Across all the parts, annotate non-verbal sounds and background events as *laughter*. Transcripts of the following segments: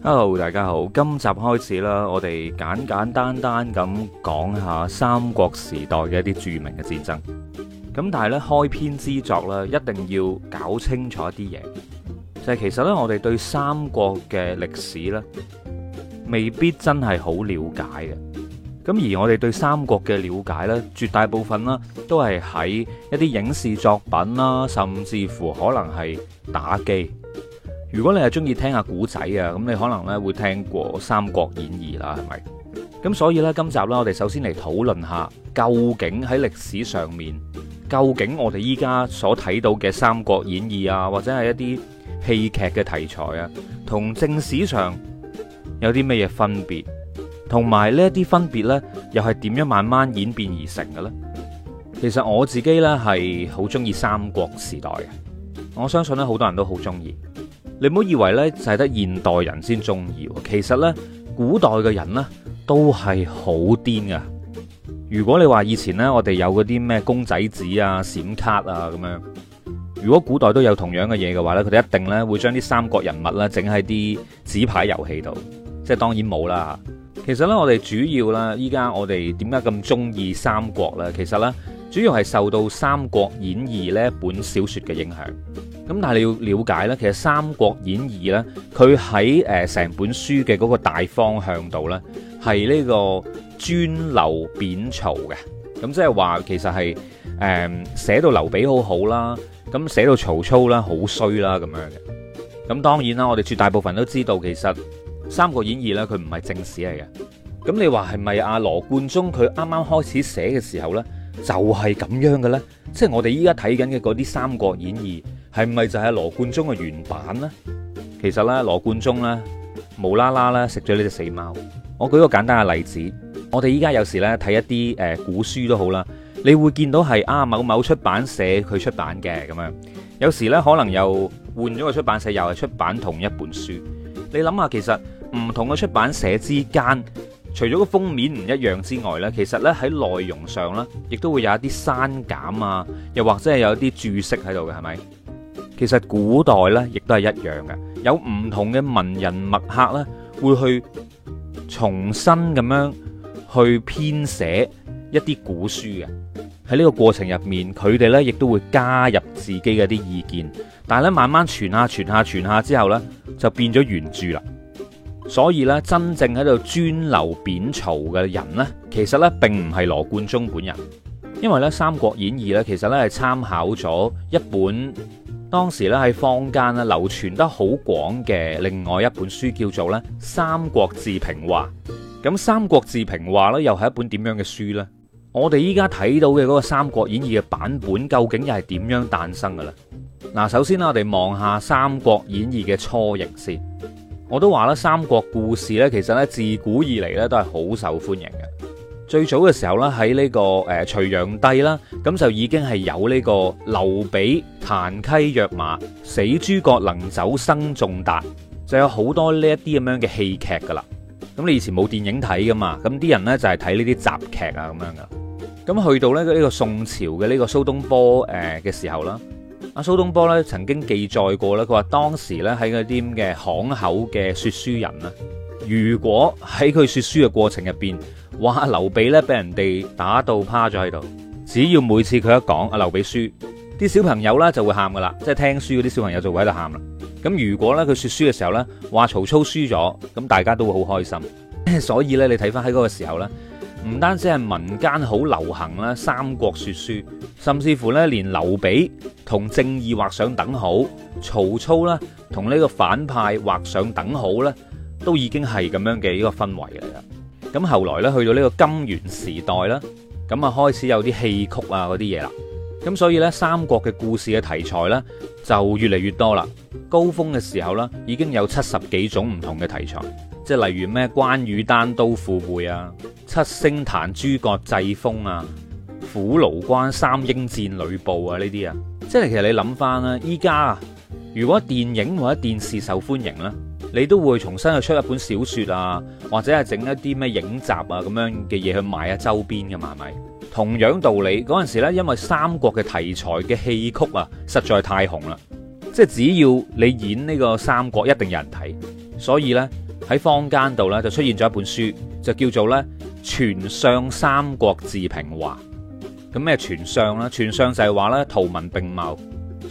Hello，大家好，今集開始啦，我哋簡簡單單咁講下三國時代嘅一啲著名嘅戰爭。咁但係咧開篇之作咧，一定要搞清楚一啲嘢，就係其實咧我哋對三國嘅歷史咧，未必真係好了解嘅。咁而我哋對三國嘅了解咧，絕大部分啦都係喺一啲影視作品啦，甚至乎可能係打機。如果你係中意聽下古仔啊，咁你可能咧會聽過《三國演義》啦，係咪？咁所以呢，今集呢，我哋首先嚟討論下究竟喺歷史上面，究竟我哋依家所睇到嘅《三國演義》啊，或者係一啲戲劇嘅題材啊，同正史上有啲咩嘢分別？同埋呢啲分別呢，又係點樣慢慢演變而成嘅咧？其實我自己呢，係好中意三國時代嘅，我相信呢好多人都好中意。你唔好以為呢就係得現代人先中意，其實呢，古代嘅人呢都係好癲噶。如果你話以前呢，我哋有嗰啲咩公仔紙啊、閃卡啊咁樣，如果古代都有同樣嘅嘢嘅話呢，佢哋一定呢會將啲三國人物呢整喺啲紙牌遊戲度，即係當然冇啦。其實呢，我哋主要啦，依家我哋點解咁中意三國呢？其實呢，主要係受到《三國演義》呢本小說嘅影響。咁但係你要了解咧，其實《三國演義》呢，佢喺誒成本書嘅嗰個大方向度呢，係呢、這個尊劉貶曹嘅。咁、嗯、即係話，其實係誒、呃、寫到劉備好好啦，咁寫到曹操啦好衰啦咁樣嘅。咁、嗯、當然啦，我哋絕大部分都知道，其實《三國演義》呢，佢唔係正史嚟嘅。咁、嗯、你話係咪阿羅貫中佢啱啱開始寫嘅時候呢，就係、是、咁樣嘅咧？即係我哋依家睇緊嘅嗰啲《三國演義》。係咪就係羅貫中嘅原版呢？其實咧，羅貫中咧無啦啦咧食咗呢隻死貓。我舉個簡單嘅例子，我哋依家有時咧睇一啲誒古書都好啦，你會見到係啊某某出版社佢出版嘅咁樣。有時咧可能又換咗個出版社，又係出版同一本書。你諗下，其實唔同嘅出版社之間，除咗個封面唔一樣之外咧，其實咧喺內容上咧，亦都會有一啲刪減啊，又或者係有一啲注釋喺度嘅，係咪？其實古代呢，亦都係一樣嘅，有唔同嘅文人墨客呢，會去重新咁樣去編寫一啲古書嘅。喺呢個過程入面，佢哋呢亦都會加入自己嘅啲意見，但係咧慢慢傳下傳下傳下傳下之後呢，就變咗原著啦。所以呢，真正喺度尊劉貶曹嘅人呢，其實呢並唔係羅貫中本人，因為呢，《三國演義》呢，其實呢係參考咗一本，當時咧喺坊間咧流傳得好廣嘅另外一本書叫做咧《三國志平話》。咁《三國志平話》咧又係一本點樣嘅書呢？我哋依家睇到嘅嗰個《三國演義》嘅版本究竟又係點樣誕生嘅咧？嗱，首先啦，我哋望下《三國演義》嘅初形先。我都話啦，《三國故事》咧其實咧自古以嚟咧都係好受歡迎嘅。最早嘅時候咧，喺呢、這個誒隋煬帝啦，咁、呃、就已經係有呢、這個劉備檀溪躍馬，死諸葛能走生仲達，就有好多呢一啲咁樣嘅戲劇噶啦。咁你以前冇電影睇噶嘛？咁啲人呢、啊，就係睇呢啲雜劇啊咁樣噶。咁去到咧呢個宋朝嘅呢個蘇東坡誒嘅、呃、時候啦，阿、啊、蘇東坡咧曾經記載過呢，佢話當時呢，喺嗰啲咁嘅巷口嘅説書人咧，如果喺佢説書嘅過程入邊。話劉備咧俾人哋打到趴咗喺度，只要每次佢一講阿劉備輸，啲小朋友咧就會喊噶啦，即係聽書嗰啲小朋友就會喺度喊啦。咁如果呢，佢說書嘅時候呢，話曹操輸咗，咁大家都會好開心。所以呢，你睇翻喺嗰個時候呢，唔單止係民間好流行啦《三國說書》，甚至乎呢連劉備同正義畫上等號，曹操呢同呢個反派畫上等號呢，都已經係咁樣嘅一個氛圍嚟。啦咁後來咧，去到呢個金元時代啦，咁啊開始有啲戲曲啊嗰啲嘢啦，咁所以呢，三國嘅故事嘅題材呢就越嚟越多啦。高峰嘅時候呢，已經有七十幾種唔同嘅題材，即係例如咩關羽單刀赴會啊、七星壇諸葛祭風啊、虎牢關三英戰呂布啊呢啲啊，即係其實你諗翻啦，依家啊，如果電影或者電視受歡迎呢，你都會重新去出一本小說啊，或者係整一啲咩影集啊咁樣嘅嘢，去賣啊周邊嘛。係咪？同樣道理，嗰陣時咧，因為三國嘅題材嘅戲曲啊實在太紅啦，即係只要你演呢個三國，一定有人睇。所以呢，喺坊間度呢，就出現咗一本書，就叫做咧，全相三國志平話。咁咩全相啦？全相就係話咧，圖文並茂，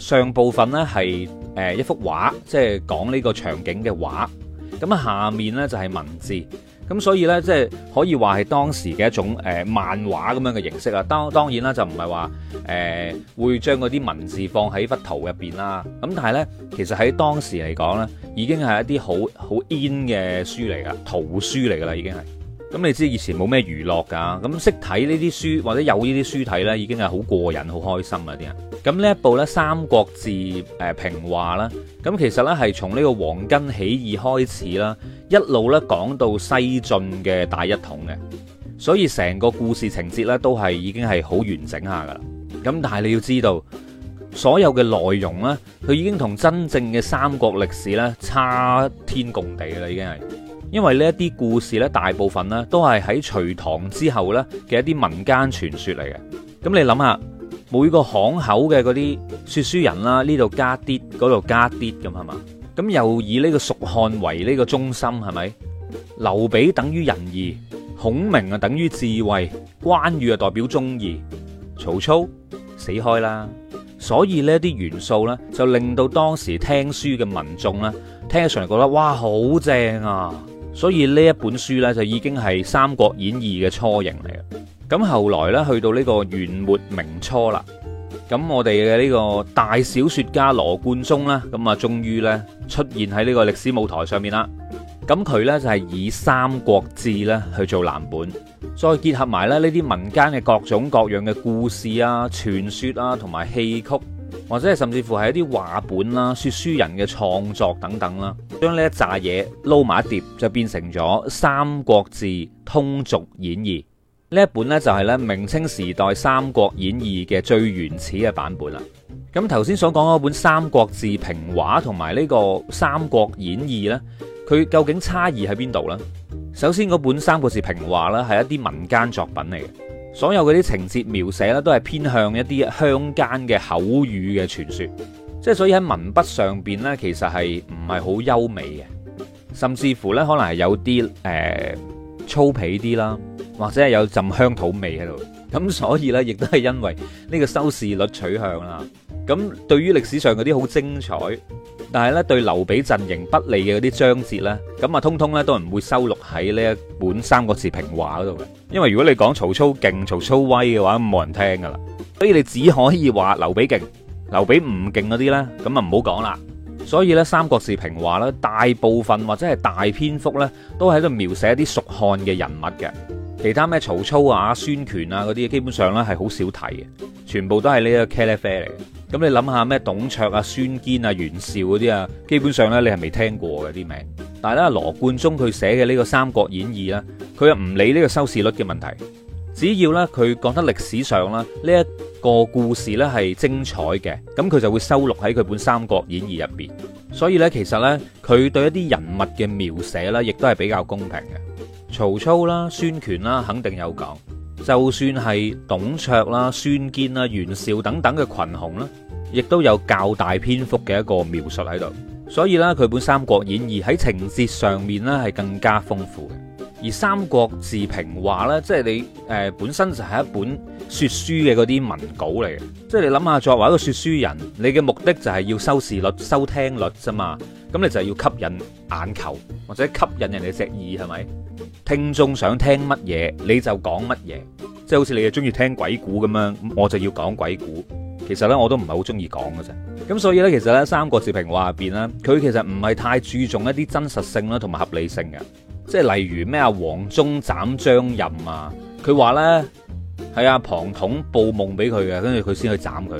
上部分呢係。誒一幅畫，即係講呢個場景嘅畫，咁下面呢，就係文字，咁所以呢，即係可以話係當時嘅一種誒漫畫咁樣嘅形式啊。當當然啦，就唔係話誒會將嗰啲文字放喺幅圖入邊啦。咁但係呢，其實喺當時嚟講呢已經係一啲好好 in 嘅書嚟噶，圖書嚟噶啦，已經係。咁你知以前冇咩娛樂㗎，咁識睇呢啲書或者有呢啲書睇呢，已經係好過癮、好開心啦。啲人咁呢一部呢《三國志》誒、呃、平話啦，咁其實呢，係從呢個黃巾起義開始啦，一路呢講到西晉嘅大一統嘅，所以成個故事情節呢，都係已經係好完整下噶啦。咁但係你要知道，所有嘅內容呢，佢已經同真正嘅三國歷史呢，差天共地啦，已經係。因為呢一啲故事咧，大部分咧都係喺隋唐之後咧嘅一啲民間傳說嚟嘅。咁你諗下，每個巷口嘅嗰啲說書人啦，呢度加啲，嗰度加啲咁係嘛？咁又以呢個蜀漢為呢個中心，係咪？劉備等於仁義，孔明啊等於智慧，關羽啊代表忠義，曹操死開啦。所以呢啲元素呢，就令到當時聽書嘅民眾咧，聽起上嚟覺得哇好正啊！所以呢一本書呢，就已經係《三國演義》嘅雛形嚟嘅。咁後來呢，去到呢個元末明初啦，咁我哋嘅呢個大小説家羅貫中呢，咁啊終於呢，出現喺呢個歷史舞台上面啦。咁佢呢，就係以《三國志》呢去做藍本，再結合埋咧呢啲民間嘅各種各樣嘅故事啊、傳說啊同埋戲曲。或者係甚至乎係一啲話本啦、說書人嘅創作等等啦，將呢一紮嘢撈埋一碟，就變成咗《三國志通俗演義》呢一本呢，就係呢明清時代《三國演義》嘅最原始嘅版本啦。咁頭先所講嗰本《三國志平話》同埋呢個《三國演義》呢，佢究竟差異喺邊度呢？首先嗰本《三國志平話》呢，係一啲民間作品嚟嘅。所有嗰啲情節描寫咧，都係偏向一啲鄉間嘅口語嘅傳說，即係所以喺文筆上邊呢，其實係唔係好優美嘅，甚至乎呢，可能係有啲誒、呃、粗鄙啲啦，或者係有陣鄉土味喺度。咁所以呢，亦都係因為呢個收視率取向啦。咁對於歷史上嗰啲好精彩，但係咧，對劉備陣營不利嘅嗰啲章節呢，咁啊，通通咧都唔會收錄喺呢一本《三國志評話》嗰度嘅。因為如果你講曹操勁、曹操威嘅話，冇人聽噶啦。所以你只可以話劉備勁，劉備唔勁嗰啲呢，咁啊唔好講啦。所以呢，《三國志評話》呢，大部分或者係大篇幅呢，都喺度描寫一啲蜀漢嘅人物嘅。其他咩曹操啊、孫權啊嗰啲，基本上呢係好少睇嘅，全部都係呢個茄喱啡嚟嘅。咁你諗下咩董卓啊、孫堅啊、袁紹嗰啲啊，基本上呢你係未聽過嘅啲名。但係咧羅貫中佢寫嘅呢個《三國演義》呢，佢又唔理呢個收視率嘅問題，只要呢，佢講得歷史上呢一個故事呢係精彩嘅，咁佢就會收錄喺佢本《三國演義》入面。所以呢，其實呢，佢對一啲人物嘅描寫呢亦都係比較公平嘅。曹操啦、孫權啦，肯定有講；就算係董卓啦、孫堅啦、袁紹等等嘅群雄啦，亦都有較大篇幅嘅一個描述喺度。所以啦，佢本《三國演義》喺情節上面呢係更加豐富嘅。而《三國志平話》呢，即係你誒本身就係一本説書嘅嗰啲文稿嚟嘅。即係你諗下，作為一個説書人，你嘅目的就係要收視率、收聽率啫嘛。咁你就係要吸引眼球，或者吸引人哋隻耳，係咪？聽眾想聽乜嘢你就講乜嘢，即係好似你又中意聽鬼故咁樣，我就要講鬼故。其實呢，我都唔係好中意講嘅啫。咁所以呢，其實呢，《三國志評話》入邊呢，佢其實唔係太注重一啲真實性啦，同埋合理性嘅。即係例如咩啊，黃忠斬張任啊，佢話呢係阿龐統報夢俾佢嘅，跟住佢先去斬佢。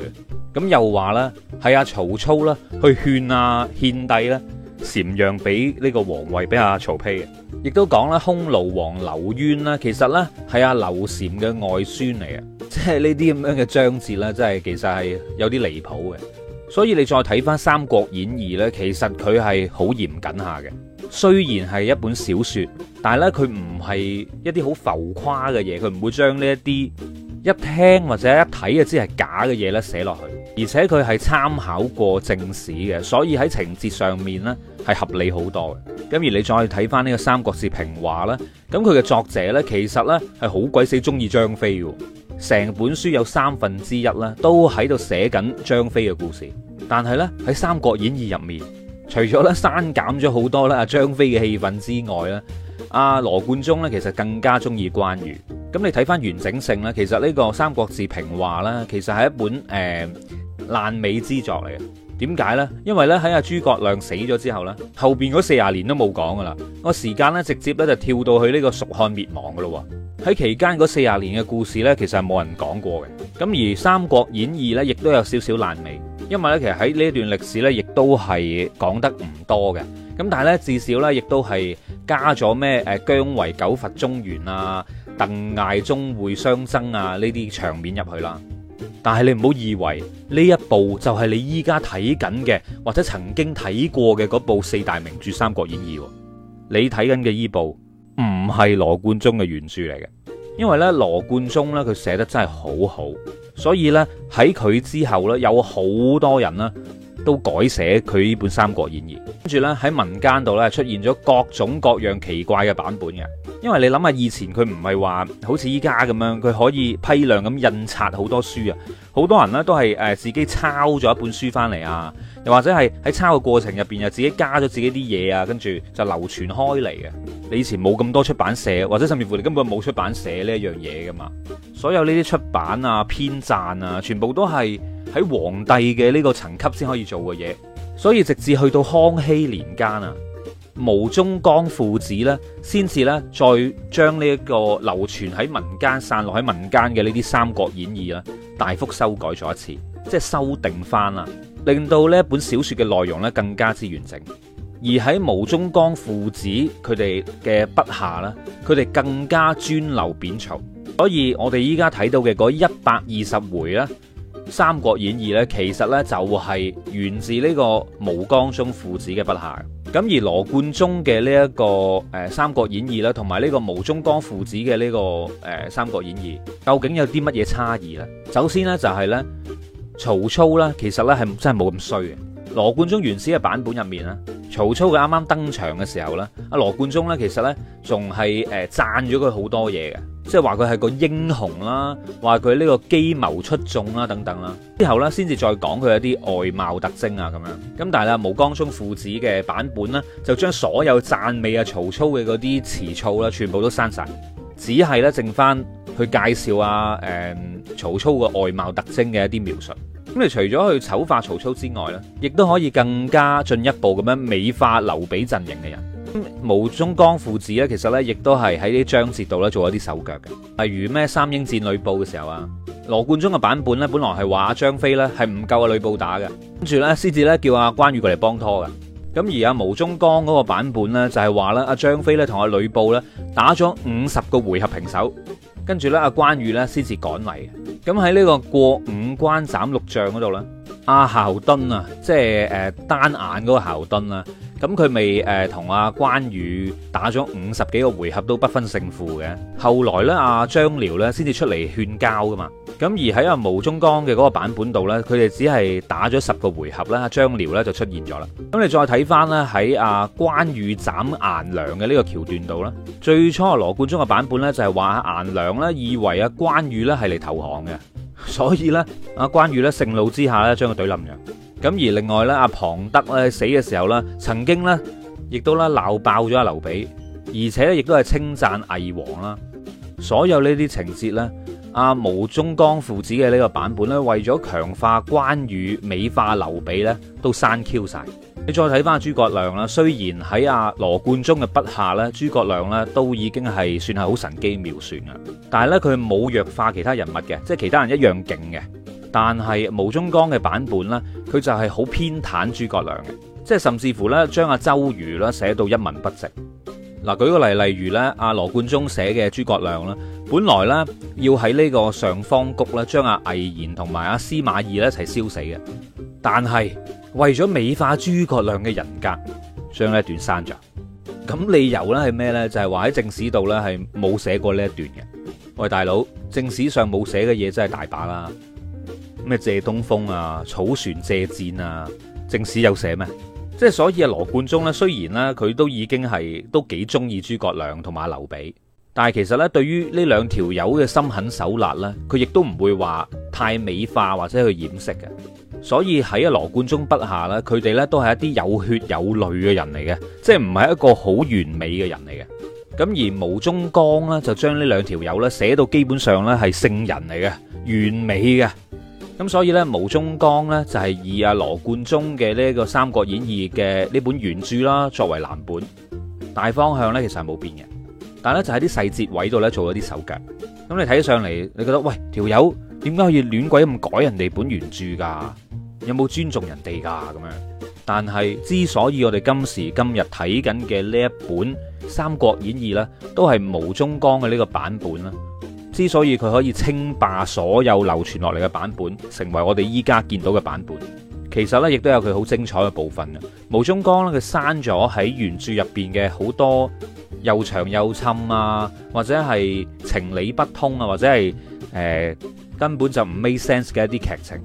咁又話呢，係阿、啊、曹操啦去勸阿、啊、獻帝啦。禪讓俾呢個皇位俾阿曹丕嘅，亦都講啦，匈奴王劉淵啦，其實咧係阿劉禪嘅外孫嚟嘅。即係呢啲咁樣嘅章節呢，啊、 *laughs* 這這節真係其實係有啲離譜嘅。所以你再睇翻《三國演義》呢，其實佢係好嚴謹下嘅。雖然係一本小說，但係呢，佢唔係一啲好浮誇嘅嘢，佢唔會將呢一啲一聽或者一睇就知係假嘅嘢呢，寫落去。而且佢係參考過正史嘅，所以喺情節上面咧係合理好多嘅。咁而你再睇翻呢個《三國志平話》咧，咁佢嘅作者咧其實咧係好鬼死中意張飛嘅，成本書有三分之一咧都喺度寫緊張飛嘅故事。但係咧喺《三國演義》入面，除咗咧刪減咗好多咧阿張飛嘅戲份之外咧，阿羅貫中咧其實更加中意關羽。咁你睇翻完整性咧，其實呢個《三國志平話》咧其實係一本誒爛尾之作嚟嘅，點解呢？因為呢，喺阿諸葛亮死咗之後呢，後邊嗰四十年都冇講噶啦，個時間呢，直接咧就跳到去呢個蜀漢滅亡噶咯喎。喺期間嗰四十年嘅故事呢，其實係冇人講過嘅。咁而《三國演義》呢，亦都有少少爛尾，因為呢，其實喺呢段歷史呢，亦都係講得唔多嘅。咁但係呢，至少呢，亦都係加咗咩誒姜維九伐中原啊、鄧艾鍾會相爭啊呢啲場面入去啦。但係你唔好以為呢一部就係你依家睇緊嘅，或者曾經睇過嘅嗰部四大名著《三國演義》。你睇緊嘅依部唔係羅貫中嘅原著嚟嘅，因為呢，羅貫中呢，佢寫得真係好好，所以呢，喺佢之後呢，有好多人咧，都改寫佢呢本《三國演義》，跟住呢，喺民間度呢，出現咗各種各樣奇怪嘅版本嘅。因為你諗下，以前佢唔係話好似依家咁樣，佢可以批量咁印刷好多書啊。好多人呢，都係誒、呃、自己抄咗一本書翻嚟啊，又或者係喺抄嘅過程入邊又自己加咗自己啲嘢啊，跟住就流傳開嚟嘅。你以前冇咁多出版社，或者甚至乎你根本冇出版社呢一樣嘢噶嘛。所有呢啲出版啊、編撰啊，全部都係。喺皇帝嘅呢個層級先可以做嘅嘢，所以直至去到康熙年間啊，毛宗崗父子咧，先至咧再將呢一個流傳喺民間、散落喺民間嘅呢啲《三國演義》啦，大幅修改咗一次，即係修訂翻啦，令到呢一本小說嘅內容咧更加之完整。而喺毛宗崗父子佢哋嘅筆下咧，佢哋更加尊劉貶曹。所以我哋依家睇到嘅嗰一百二十回咧。《三國演義》咧，其實咧就係源自呢個毛宗崗父子嘅筆下。咁而羅貫中嘅呢一個誒《三國演義》啦，同埋呢個毛宗崗父子嘅呢個誒《三國演義》，究竟有啲乜嘢差異呢？首先呢，就係呢，曹操呢，其實呢，係真係冇咁衰嘅。羅貫中原始嘅版本入面啊，曹操佢啱啱登場嘅時候呢，阿羅貫中呢，其實呢，仲係誒讚咗佢好多嘢嘅。即係話佢係個英雄啦，話佢呢個機謀出眾啦等等啦，之後呢，先至再講佢一啲外貌特徵啊咁樣。咁但係咧，毛宗崗父子嘅版本呢，就將所有讚美啊曹操嘅嗰啲詞藻啦，全部都刪晒，只係咧剩翻去介紹啊誒、嗯、曹操個外貌特徵嘅一啲描述。咁、嗯、你除咗去醜化曹操之外呢，亦都可以更加進一步咁樣美化劉備陣營嘅人。毛宗崗父子咧，其實咧亦都係喺啲章節度咧做一啲手腳嘅，例如咩三英戰呂布嘅時候啊，羅貫中嘅版本咧本，本來係話張飛咧係唔夠阿呂布打嘅，跟住咧先至咧叫阿、啊、關羽過嚟幫拖嘅，咁而阿、啊、毛宗崗嗰個版本咧就係話咧阿張飛咧同阿呂布咧打咗五十個回合平手，跟住咧阿關羽咧先至趕嚟，咁喺呢個過五關斬六將嗰度咧，阿、啊、夏侯惇啊，即係誒、呃、單眼嗰個夏侯惇啊。咁佢未誒同阿關羽打咗五十幾個回合都不分勝負嘅，後來呢，阿、啊、張遼咧先至出嚟勸交噶嘛、啊。咁而喺阿毛宗崗嘅嗰個版本度呢，佢哋只係打咗十個回合啦、啊，張遼咧就出現咗啦。咁你再睇翻呢，喺阿、啊、關羽斬顏良嘅呢個橋段度啦。最初羅貫中嘅版本呢，就係話顏良咧以為阿、啊、關羽咧係嚟投降嘅，所以呢，阿、啊、關羽咧盛怒之下呢，將佢懟冧嘅。咁而另外咧，阿龐德咧死嘅時候咧，曾經咧亦都咧鬧爆咗阿劉備，而且咧亦都係稱讚魏王啦。所有呢啲情節咧，阿毛宗崗父子嘅呢個版本咧，為咗強化關羽、美化劉備咧，都刪 Q 晒。你再睇翻阿諸葛亮啦，雖然喺阿羅貫中嘅筆下咧，諸葛亮咧都已經係算係好神機妙算嘅，但係咧佢冇弱化其他人物嘅，即係其他人一樣勁嘅。但係毛宗崗嘅版本呢佢就係好偏袒諸葛亮嘅，即係甚至乎咧，將阿周瑜啦寫到一文不值。嗱，舉個例，例如咧，阿羅貫中寫嘅諸葛亮啦，本來呢要喺呢個上方谷咧將阿魏延同埋阿司馬懿一齊燒死嘅，但係為咗美化諸葛亮嘅人格，將呢一段刪咗。咁理由咧係咩呢？就係話喺正史度呢係冇寫過呢一段嘅。喂，大佬，正史上冇寫嘅嘢真係大把啦。咩借東風啊，草船借箭啊，正史有寫咩？即係所以啊，羅貫中咧，雖然咧佢都已經係都幾中意諸葛亮同埋劉備，但係其實咧，對於呢兩條友嘅心狠手辣咧，佢亦都唔會話太美化或者去掩飾嘅。所以喺啊羅貫中筆下咧，佢哋咧都係一啲有血有淚嘅人嚟嘅，即係唔係一個好完美嘅人嚟嘅。咁而毛宗崗咧就將呢兩條友咧寫到基本上咧係聖人嚟嘅，完美嘅。咁所以呢，毛宗崗呢就係、是、以阿羅貫中嘅呢個《三國演義》嘅呢本原著啦，作為藍本，大方向呢其實係冇變嘅，但係咧就喺啲細節位度呢做咗啲手腳。咁你睇上嚟，你覺得喂，條友點解可以亂鬼咁改人哋本原著噶？有冇尊重人哋噶？咁樣。但係之所以我哋今時今日睇緊嘅呢一本《三國演義》呢，都係毛宗崗嘅呢個版本啦。之所以佢可以稱霸所有流傳落嚟嘅版本，成為我哋依家見到嘅版本，其實呢亦都有佢好精彩嘅部分嘅。毛宗崗咧，佢刪咗喺原著入邊嘅好多又長又深啊，或者係情理不通啊，或者係誒、呃、根本就唔 make sense 嘅一啲劇情。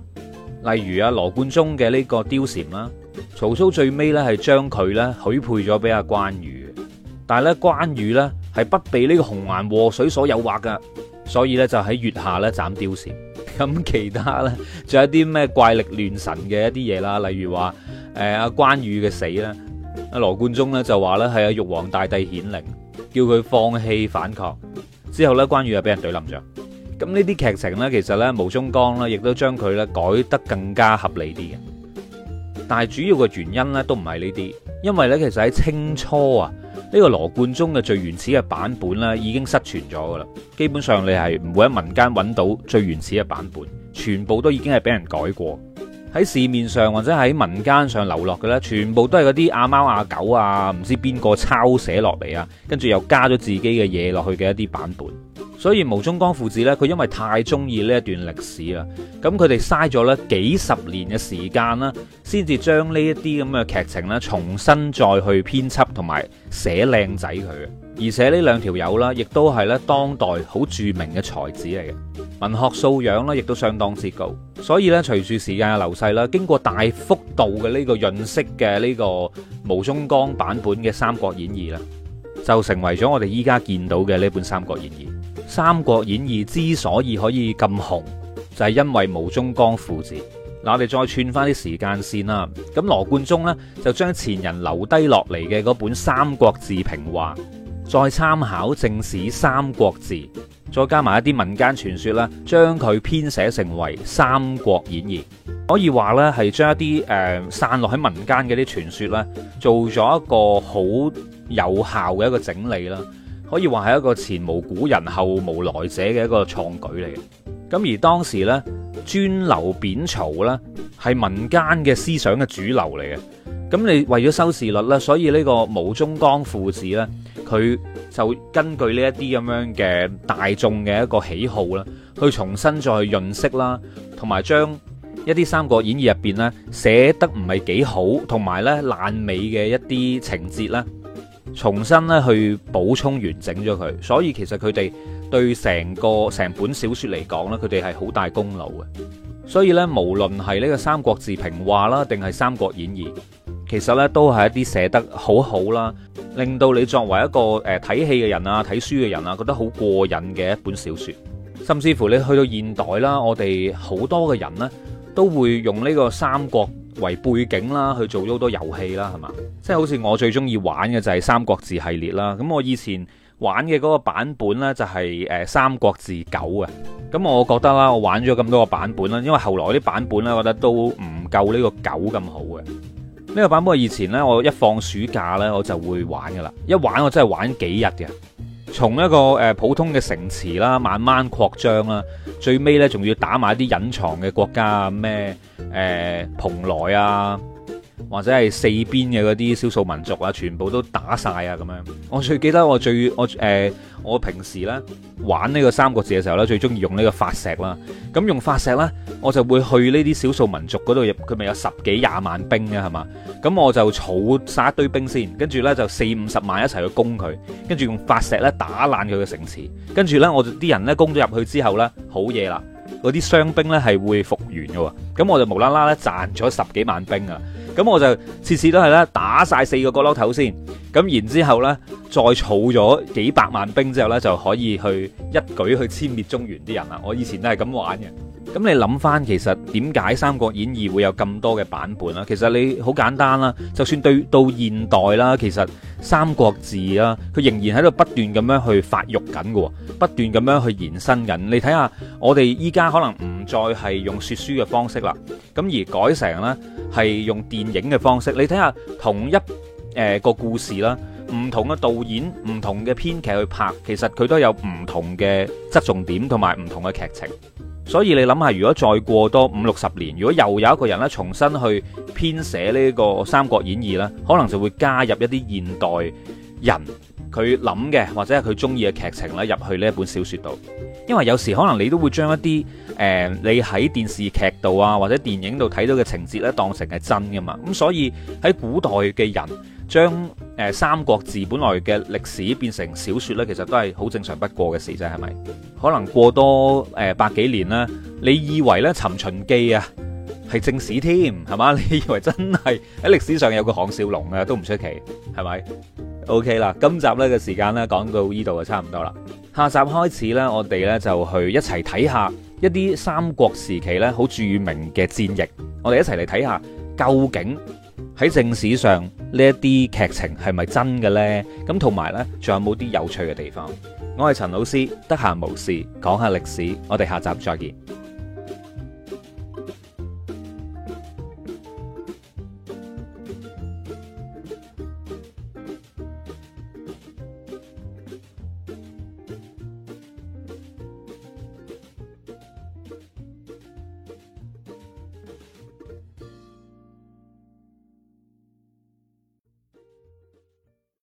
例如啊，羅貫中嘅呢個貂蟬啦，曹操最尾呢係將佢呢許配咗俾阿關羽，但係咧關羽呢係不被呢個紅顏禍水所誘惑噶。所以咧就喺月下咧斬貂蟬，咁其他咧仲有啲咩怪力亂神嘅一啲嘢啦，例如話誒阿關羽嘅死咧，阿羅貫中咧就話咧係阿玉皇大帝顯靈，叫佢放棄反抗，之後咧關羽又俾人隊冧咗。咁呢啲劇情咧其實咧毛宗崗咧亦都將佢咧改得更加合理啲嘅，但係主要嘅原因咧都唔係呢啲，因為咧其實喺清初啊。呢個羅貫中嘅最原始嘅版本呢，已經失傳咗噶啦。基本上你係唔會喺民間揾到最原始嘅版本，全部都已經係俾人改過。喺市面上或者喺民間上流落嘅呢，全部都係嗰啲阿貓阿狗啊，唔知邊個抄寫落嚟啊，跟住又加咗自己嘅嘢落去嘅一啲版本。所以毛宗崗父子咧，佢因為太中意呢一段歷史啦，咁佢哋嘥咗咧幾十年嘅時間啦，先至將呢一啲咁嘅劇情咧重新再去編輯同埋寫靚仔佢。而且呢兩條友啦，亦都係咧當代好著名嘅才子嚟嘅，文學素養咧亦都相當之高。所以咧，隨住時間嘅流逝啦，經過大幅度嘅呢個潤色嘅呢個毛宗崗版本嘅《三國演義》啦，就成為咗我哋依家見到嘅呢本《三國演義》。《三國演義》之所以可以咁紅，就係因為毛宗崗父子。嗱，我哋再串翻啲時間線啦。咁羅貫中呢，就將前人留低落嚟嘅嗰本《三國志平話》，再參考正史《三國志》，再加埋一啲民間傳說啦，將佢編寫成為《三國演義》。可以話呢，係將一啲誒散落喺民間嘅啲傳說啦，做咗一個好有效嘅一個整理啦。可以話係一個前無古人後無來者嘅一個創舉嚟嘅，咁而當時咧，尊劉貶曹咧係民間嘅思想嘅主流嚟嘅。咁你為咗收視率啦，所以呢個毛宗崗父子咧，佢就根據呢一啲咁樣嘅大眾嘅一個喜好啦，去重新再去潤色啦，同埋將一啲三國演義入邊咧寫得唔係幾好，同埋咧爛尾嘅一啲情節啦，重新咧去補充完整咗佢，所以其實佢哋對成個成本小説嚟講咧，佢哋係好大功勞嘅。所以呢，無論係呢個《三國志平話》啦，定係《三國演義》，其實呢都係一啲寫得好好啦，令到你作為一個誒睇戲嘅人啊，睇書嘅人啊，覺得好過癮嘅一本小説。甚至乎你去到現代啦，我哋好多嘅人呢，都會用呢個《三國》為背景啦，去做咗好多遊戲啦，係嘛？即係好似我最中意玩嘅就係三國志系列啦。咁我以前玩嘅嗰個版本呢，就是，就係誒三國志九啊。咁我覺得啦，我玩咗咁多個版本啦，因為後來啲版本呢，我覺得都唔夠呢個九咁好嘅。呢，這個版本我以前呢，我一放暑假呢，我就會玩噶啦。一玩我真係玩幾日嘅。從一個誒、呃、普通嘅城池啦，慢慢擴張啦，最尾呢仲要打埋一啲隱藏嘅國家啊，咩誒蓬萊啊！或者係四邊嘅嗰啲少數民族啊，全部都打晒啊咁樣。我最記得我最我誒、呃、我平時呢玩呢個《三國志》嘅時候呢，最中意用呢個發石啦。咁、嗯、用發石呢，我就會去呢啲少數民族嗰度入，佢咪有十幾廿萬兵嘅係嘛？咁、嗯、我就儲晒一堆兵先，跟住呢，就四五十萬一齊去攻佢，跟住用發石呢打爛佢嘅城池，跟住呢，我啲人呢攻咗入去之後呢，好嘢啦！嗰啲傷兵咧係會復原嘅喎，咁我就無啦啦咧賺咗十幾萬兵啊，咁我就次次都係咧打晒四個角落頭先，咁然之後呢，再儲咗幾百萬兵之後呢，就可以去一舉去殲滅中原啲人啦。我以前都係咁玩嘅。咁你諗翻，其實點解《三國演義》會有咁多嘅版本啦？其實你好簡單啦，就算對到現代啦，其實三國志啦，佢仍然喺度不斷咁樣去發育緊嘅，不斷咁樣去延伸緊。你睇下我哋依家可能唔再係用說書嘅方式啦，咁而改成呢係用電影嘅方式。你睇下同一誒個故事啦，唔同嘅導演、唔同嘅編劇去拍，其實佢都有唔同嘅側重點同埋唔同嘅劇情。所以你諗下，如果再過多五六十年，如果又有一個人咧重新去編寫呢個《三國演義》咧，可能就會加入一啲現代人佢諗嘅，或者係佢中意嘅劇情咧入去呢一本小説度。因為有時可能你都會將一啲誒、呃、你喺電視劇度啊，或者電影度睇到嘅情節咧，當成係真㗎嘛。咁所以喺古代嘅人，將誒三國志本來嘅歷史變成小説咧，其實都係好正常不過嘅事啫，係咪？可能過多誒、呃、百幾年啦，你以為呢《尋秦記》啊係正史添，係嘛？你以為真係喺歷史上有個項少龍啊，都唔出奇，係咪？OK 啦，今集呢個時間呢，講到呢度就差唔多啦，下集開始呢，我哋呢就去一齊睇下一啲三國時期呢好著名嘅戰役，我哋一齊嚟睇下究竟。喺正史上呢一啲劇情係咪真嘅呢？咁同埋呢，仲有冇啲有，有趣嘅地方？我係陳老師，得閒無事講下歷史，我哋下集再見。